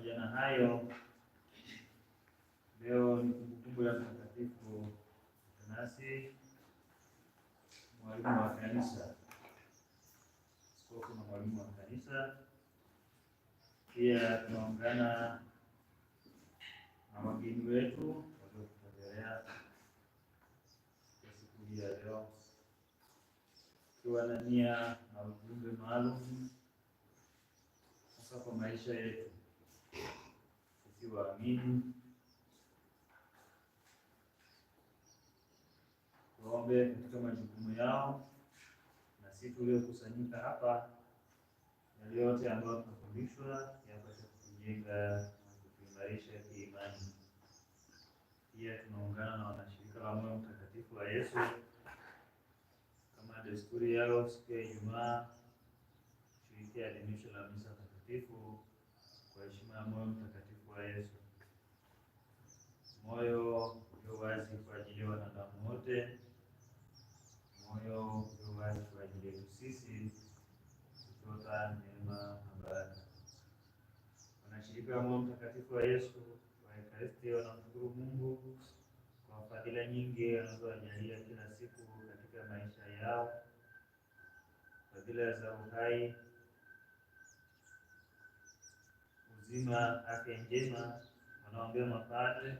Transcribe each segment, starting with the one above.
Pamoja na hayo, leo ni kumbukumbu ya Mtakatifu Athanasi, mwalimu wa kanisa, askofu na mwalimu wa kanisa. Pia tunaungana na wageni wetu waliotutembelea siku hii ya leo, tukiwa na nia na ujumbe maalum hasa kwa maisha yetu sisi waombe katika majukumu yao na sisi tuliokusanyika hapa, yale yote ambayo tunafundishwa yapate kutujenga na kutuimarisha kiimani. Pia tunaungana na wanashirika la Moyo Mtakatifu wa Yesu kama desturi yao, siku ya Ijumaa kushiriki adhimisho la misa takatifu kwa heshima ya moyo mtakatifu wa Yesu, moyo ulio wazi kwa ajili ya wanadamu wote, moyo ulio wazi kwa ajili yetu sisi, kutoka neema na baraka. Wanashirika wa moyo mtakatifu wa Yesu wa Ekaristi wanamshukuru Mungu kwa fadhila nyingi anazowajalia kila siku katika maisha yao, fadhila za uhai mzima, afya njema, wanaombea mapadre,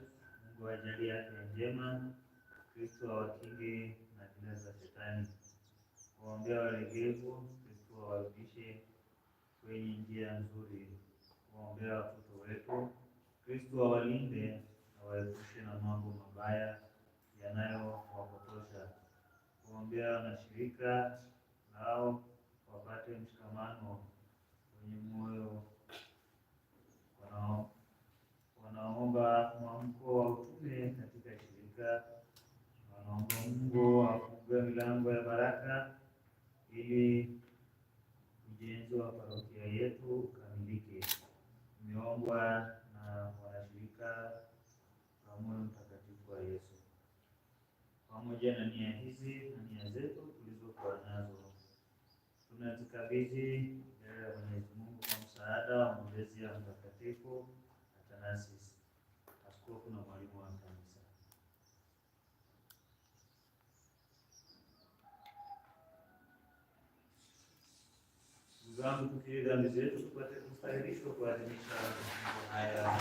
Mungu awajalie afya njema, Kristo awakinge na fitina za Shetani, waombea walegevu, Kristo awarudishe kwenye njia nzuri, waombea watoto wetu, Kristo awalinde na waepushe na mambo mabaya yanayowapotosha, waombea wanashirika nao wapate mshikamano wenye moyo wanaomba mwamko wa utume katika shirika, wanaomba Mungu afungue milango ya baraka ili ujenzi wa parokia yetu ukamilike. Imeombwa na wanashirika wa Moyo Mtakatifu wa Yesu. Pamoja na nia hizi na nia zetu tulizokuwa nazo tunazikabidhi mbele ya Mwenyezi msaada wa maombezi ya Mtakatifu Athanasius, askofu na mwalimu wa kanisa. Ndugu zangu, tukiri dhambi zetu tupate kustahilishwa kuadhimisha haya.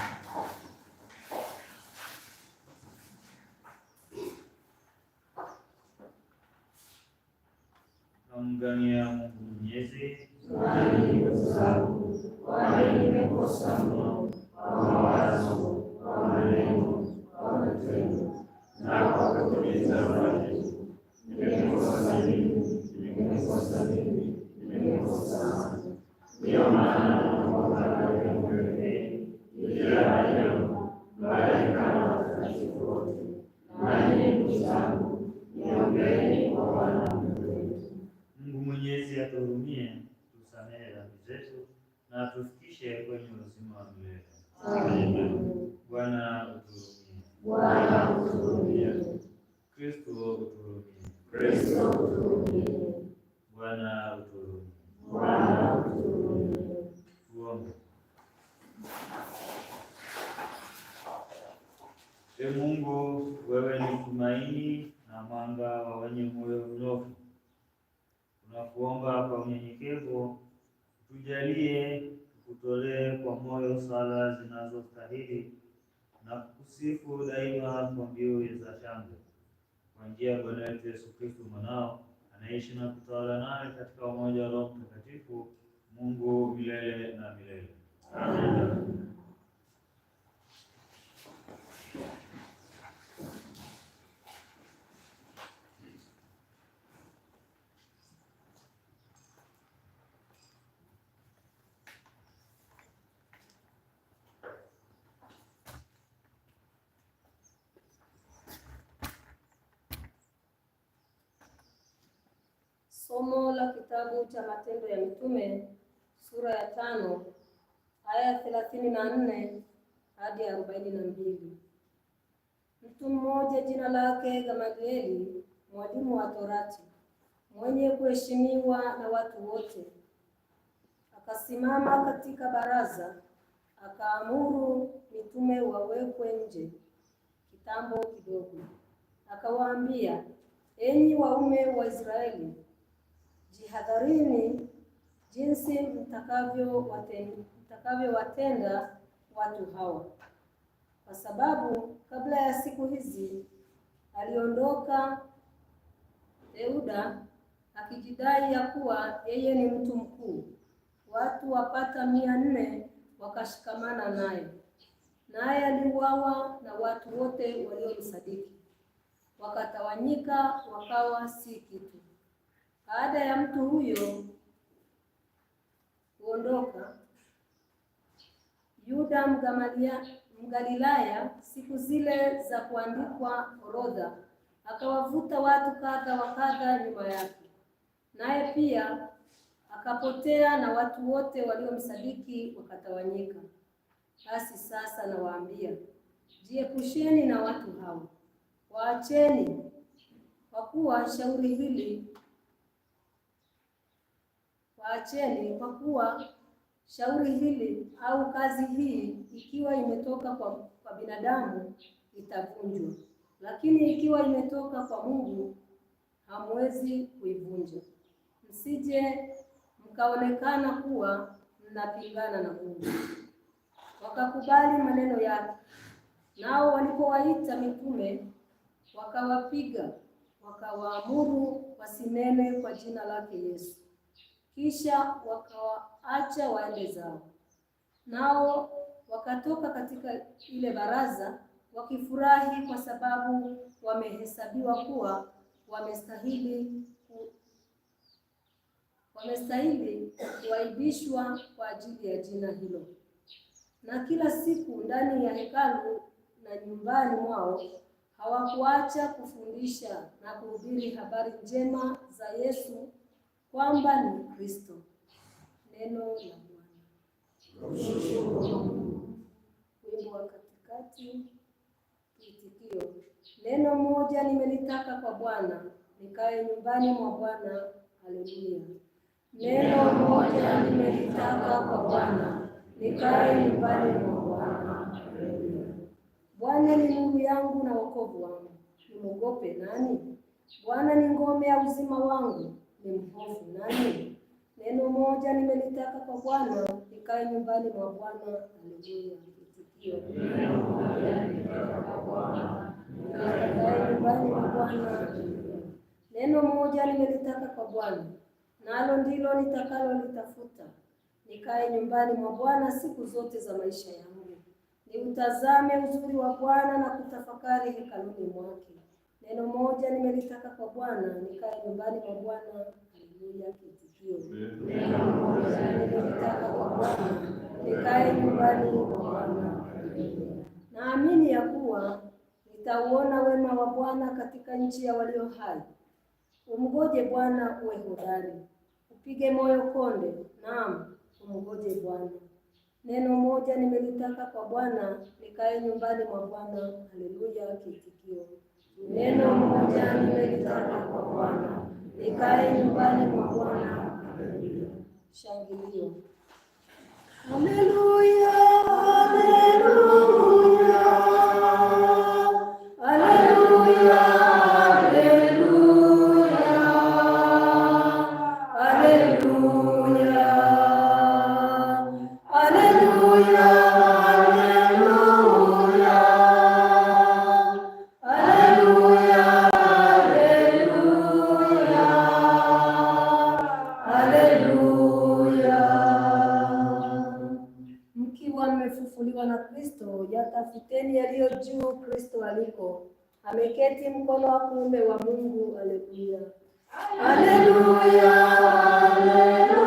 Namgania Mungu Mwenyezi. wameikosa mno kwa mawazo, kwa maneno, kwa matendo na kwa kutuliza watu. Nimekosa mimi, nimekosa mimi, nimekosa. Ndiyo maana naomba wewe unisamehe ila yangu, bali kama watakatifu wote na ndugu zangu, niombeeni kwa wanangu. Mungu Mwenyezi atuhurumie, tusamehe dhambi zetu na tufikishe kwenye uzima wa milele. Bwana utuhurumie. Bwana utuhurumie. Kristo utuhurumie. Kristo utuhurumie. Bwana utuhurumie. Bwana utuhurumie. Tuombe. Ee Mungu, wewe ni tumaini na mwanga wa wenye moyo mnyofu. Tunakuomba kwa unyenyekevu Tujalie tukutolee kwa moyo sala zinazostahili na kusifu daima kwa mbiu za shangwe, kwa njia ya Bwana wetu Yesu Kristo mwanao anaishi na kutawala naye katika umoja wa Roho Mtakatifu, Mungu milele na milele. Amen. Somo la kitabu cha Matendo ya Mitume sura ya tano aya ya thelathini na nne hadi ya arobaini na mbili. Mtu mmoja jina lake Gamalieli, mwalimu wa Torati, mwenye kuheshimiwa na watu wote, akasimama katika baraza, akaamuru mitume wawekwe nje kitambo kidogo, akawaambia, enyi waume wa Israeli, Jihadharini jinsi mtakavyowatenda watu hawa, kwa sababu kabla ya siku hizi aliondoka Theuda akijidai ya kuwa yeye ni mtu mkuu, watu wapata mia nne wakashikamana naye, naye aliuawa na watu wote waliomsadiki wakatawanyika, wakawa si kitu. Baada ya mtu huyo kuondoka, Yuda Mgalilaya, siku zile za kuandikwa orodha, akawavuta watu kadha wa kadha nyuma yake, naye pia akapotea, na watu wote waliomsadiki wakatawanyika. Basi sasa nawaambia, jiepusheni na watu hao, waacheni, kwa kuwa shauri hili Acheni, kwa kuwa shauri hili au kazi hii ikiwa imetoka kwa, kwa binadamu itavunjwa, lakini ikiwa imetoka kwa Mungu hamwezi kuivunja, msije mkaonekana kuwa mnapingana na Mungu. Wakakubali maneno yake. Nao walipowaita mitume wakawapiga, wakawaamuru wasinene kwa jina lake Yesu. Kisha wakawaacha waende zao. Nao wakatoka katika ile baraza wakifurahi kwa sababu wamehesabiwa kuwa wamestahili ku, wamestahili kuaibishwa kwa ajili ya jina hilo. Na kila siku ndani ya hekalu na nyumbani mwao hawakuacha kufundisha na kuhubiri habari njema za Yesu kwamba ni Kristo. Neno la Bwana. Wimbo wa katikati, kiitikio: neno moja nimelitaka kwa Bwana, nikae nyumbani mwa Bwana. Haleluya. Neno moja nimelitaka kwa Bwana, nikae nyumbani mwa Bwana. Bwana ni Mungu yangu na wokovu wangu, nimwogope nani? Bwana ni ngome ya uzima wangu ni mpofu nani? Neno moja nimelitaka kwa Bwana, nikae nyumbani mwa Bwana. Haleluya! Itikio, neno moja nimelitaka kwa Bwana, nikae nyumbani mwa Bwana. Neno moja nimelitaka kwa Bwana, nalo ndilo nitakalo litafuta, nikae nyumbani mwa Bwana siku zote za maisha yangu, niutazame uzuri wa Bwana na kutafakari hekaluni mwake. Neno moja nimelitaka kwa Bwana, nikae nyumbani mwa Bwana. Haleluya, kiitikio. Neno moja nimelitaka kwa Bwana, nikae nyumbani mwa Bwana. Naamini ya kuwa nitauona wema wa Bwana katika nchi ya walio hai. Umgoje Bwana, uwe hodari, upige moyo konde, naam, umgoje Bwana. Neno moja nimelitaka kwa Bwana, nikae nyumbani mwa Bwana. Haleluya, kiitikio. Neno moja nimelitaka kwa Bwana, nikae nyumbani kwa Bwana. Shangilia! Haleluya! mmefufuliwa na Kristo, yatafuteni yaliyo juu, Kristo aliko ameketi mkono wa kuume wa Mungu. Aleluya, aleluya, aleluya.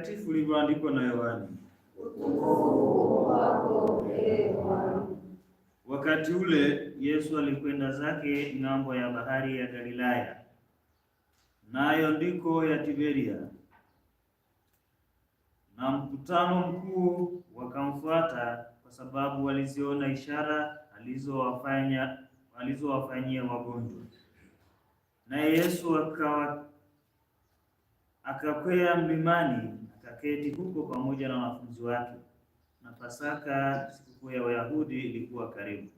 Takatifu ulivyoandikwa na Yohani. Wakati ule Yesu alikwenda zake ng'ambo ya bahari ya Galilaya, nayo ndiko ya Tiberia, na mkutano mkuu wakamfuata kwa sababu waliziona ishara alizowafanya alizowafanyia wagonjwa. Naye Yesu akawa akakwea mlimani akaketi huko pamoja na wanafunzi wake, na Pasaka, sikukuu ya Wayahudi, ilikuwa karibu.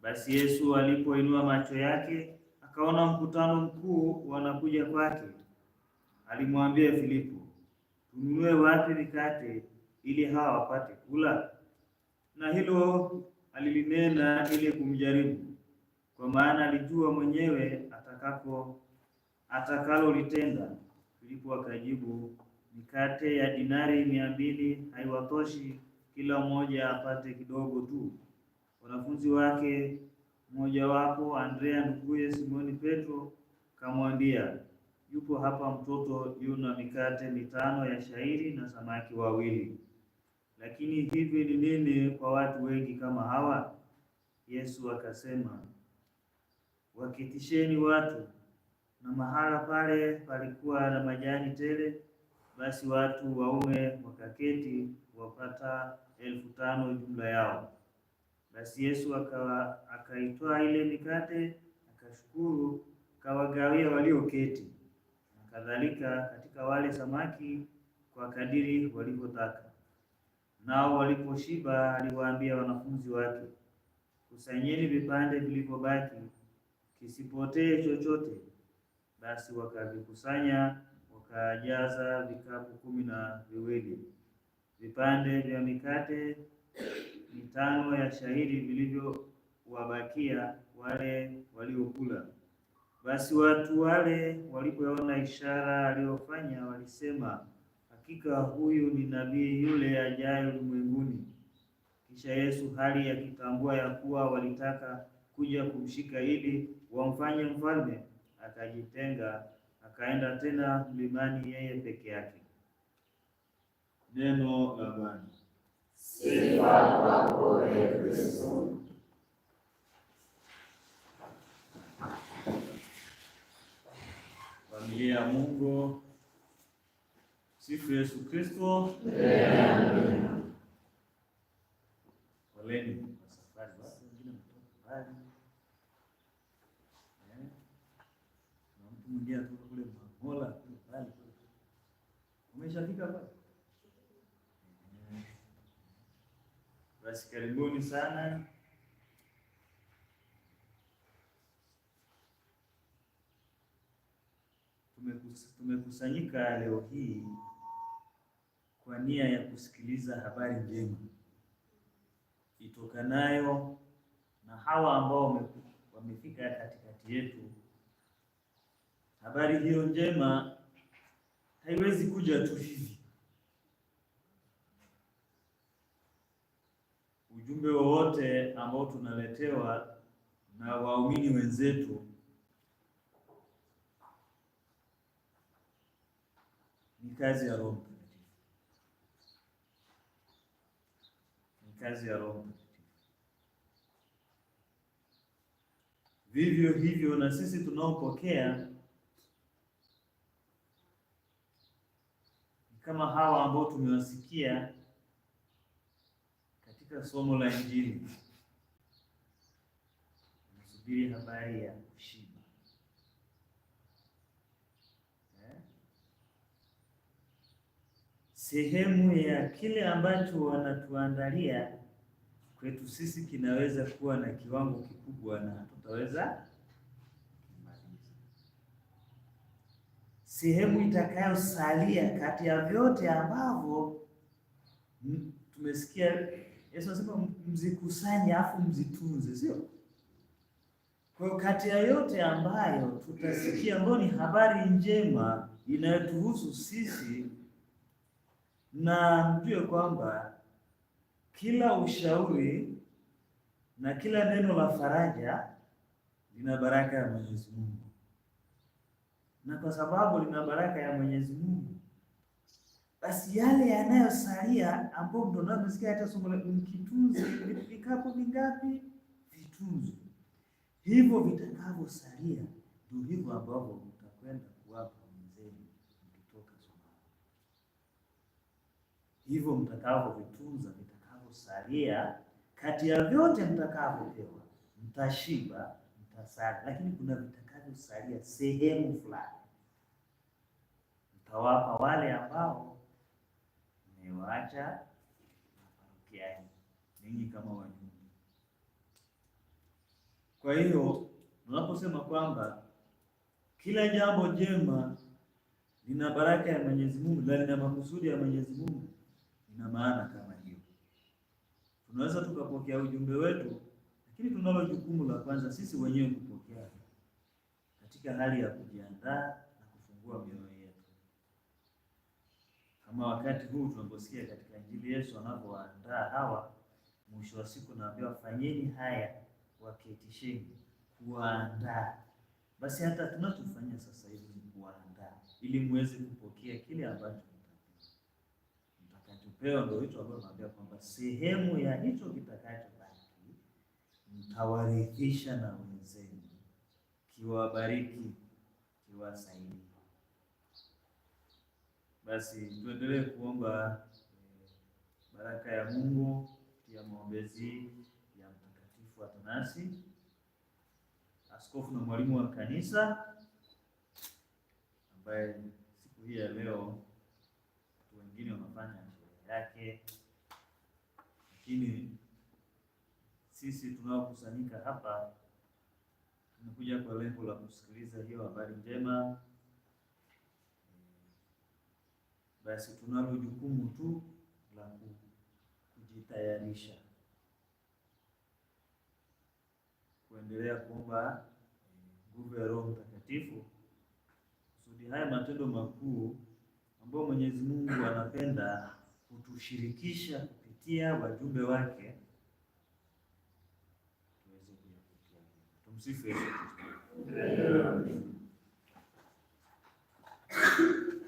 Basi Yesu alipoinua macho yake akaona mkutano mkuu wanakuja kwake, alimwambia Filipo, tununue wapi mikate ili hawa wapate kula? Na hilo alilinena ili kumjaribu, kwa maana alijua mwenyewe atakako atakalolitenda. Filipo akajibu Mikate ya dinari mia mbili haiwatoshi, kila mmoja apate kidogo tu. Wanafunzi wake mmoja wapo Andrea nduguye Simoni Petro, kamwambia, yupo hapa mtoto yuna mikate mitano ya shairi na samaki wawili, lakini hivi ni nini kwa watu wengi kama hawa? Yesu akasema, wakitisheni watu. Na mahala pale palikuwa na majani tele basi watu waume wakaketi wapata elfu tano jumla yao. Basi Yesu akaitoa ile mikate akashukuru, akawagawia walioketi, na kadhalika katika wale samaki kwa kadiri walivyotaka. Nao waliposhiba, aliwaambia wanafunzi wake, kusanyeni vipande vilivyobaki, kisipotee chochote. Basi wakavikusanya akajaza vikapu kumi na viwili, vipande vya mikate mitano ya shayiri vilivyowabakia wale waliokula. Basi watu wale walipoona ishara aliyofanya, walisema, hakika huyu ni nabii yule ajaye ulimwenguni. Kisha Yesu hali akitambua ya kuwa walitaka kuja kumshika ili wamfanye mfalme, akajitenga akaenda tena mlimani yeye peke yake. Neno la Bwana. Sifa kwako Kristo. Familia ya Mungu, sifu Yesu Kristo. Amen. Poleni. Umeshafika hapa? Basi karibuni sana. Tumekusanyika leo hii kwa nia ya kusikiliza habari njema itokanayo na hawa ambao wamefika katikati yetu. Habari hiyo njema haiwezi kuja tu hivi. Ujumbe wowote ambao tunaletewa na waumini wenzetu ni kazi ya Roho Mtakatifu, ni kazi ya Roho Mtakatifu. Vivyo hivyo na sisi tunaopokea kama hawa ambao tumewasikia katika somo la Injili wanasubiri habari ya kushiba eh? Sehemu ya kile ambacho wanatuandalia kwetu sisi kinaweza kuwa na kiwango kikubwa na tutaweza sehemu itakayosalia kati ya vyote ambavyo tumesikia Yesu anasema mzikusanye, afu mzitunze, sio? Kwa hiyo kati ya yote ambayo tutasikia ambayo ni habari njema inayotuhusu sisi, na mjue kwamba kila ushauri na kila neno la faraja lina baraka ya Mwenyezi Mungu na kwa sababu lina baraka ya Mwenyezi Mungu, basi yale yanayosalia ambayo mtu anasikia hata somo la mkitunzi vikapo vingapi vitunzwe, hivyo vitakavyosalia ndio hivyo ambavyo mtakwenda kuwapa wenzenu mkitoka somo, hivyo mtakavyovitunza vitakavyosalia, kati ya vyote mtakavyopewa mtashiba, mtasali, lakini kuna kusalia sehemu fulani, mtawapa wale ambao mmewaacha parokiani ninyi kama wajumbe. Kwa hiyo unaposema kwamba kila jambo jema lina baraka ya Mwenyezi Mungu na lina makusudi ya Mwenyezi Mungu, ina maana kama hiyo. Tunaweza tukapokea ujumbe wetu, lakini tunalo jukumu la kwanza sisi wenyewe katika hali ya kujiandaa na kufungua mioyo yetu, kama wakati huu tunaposikia katika Injili Yesu anavyowaandaa hawa, mwisho wa siku naambiwa fanyeni haya waketisheni, kuandaa. Basi hata tunachofanya sasa hivi ni kuandaa ili muweze kupokea kile ambacho mtakachopewa. Ndio hicho ambacho naambia kwamba sehemu ya hicho kitakachobaki mtawarithisha na wenzenu kiwabariki, kiwasaidia Basi tuendelee kuomba eh, baraka ya Mungu ya maombezi ya Mtakatifu tunasi askofu na mwalimu wa kanisa, ambaye siku hii ya leo watu wengine wanafanya sherehe yake, lakini sisi tunaokusanyika hapa Nimekuja kwa lengo la kusikiliza hiyo habari njema. Basi tunalo jukumu tu la kujitayarisha kuendelea kuomba eh, nguvu ya Roho Mtakatifu kusudi haya matendo makuu ambayo Mwenyezi Mungu anapenda kutushirikisha kupitia wajumbe wake Zifre. you.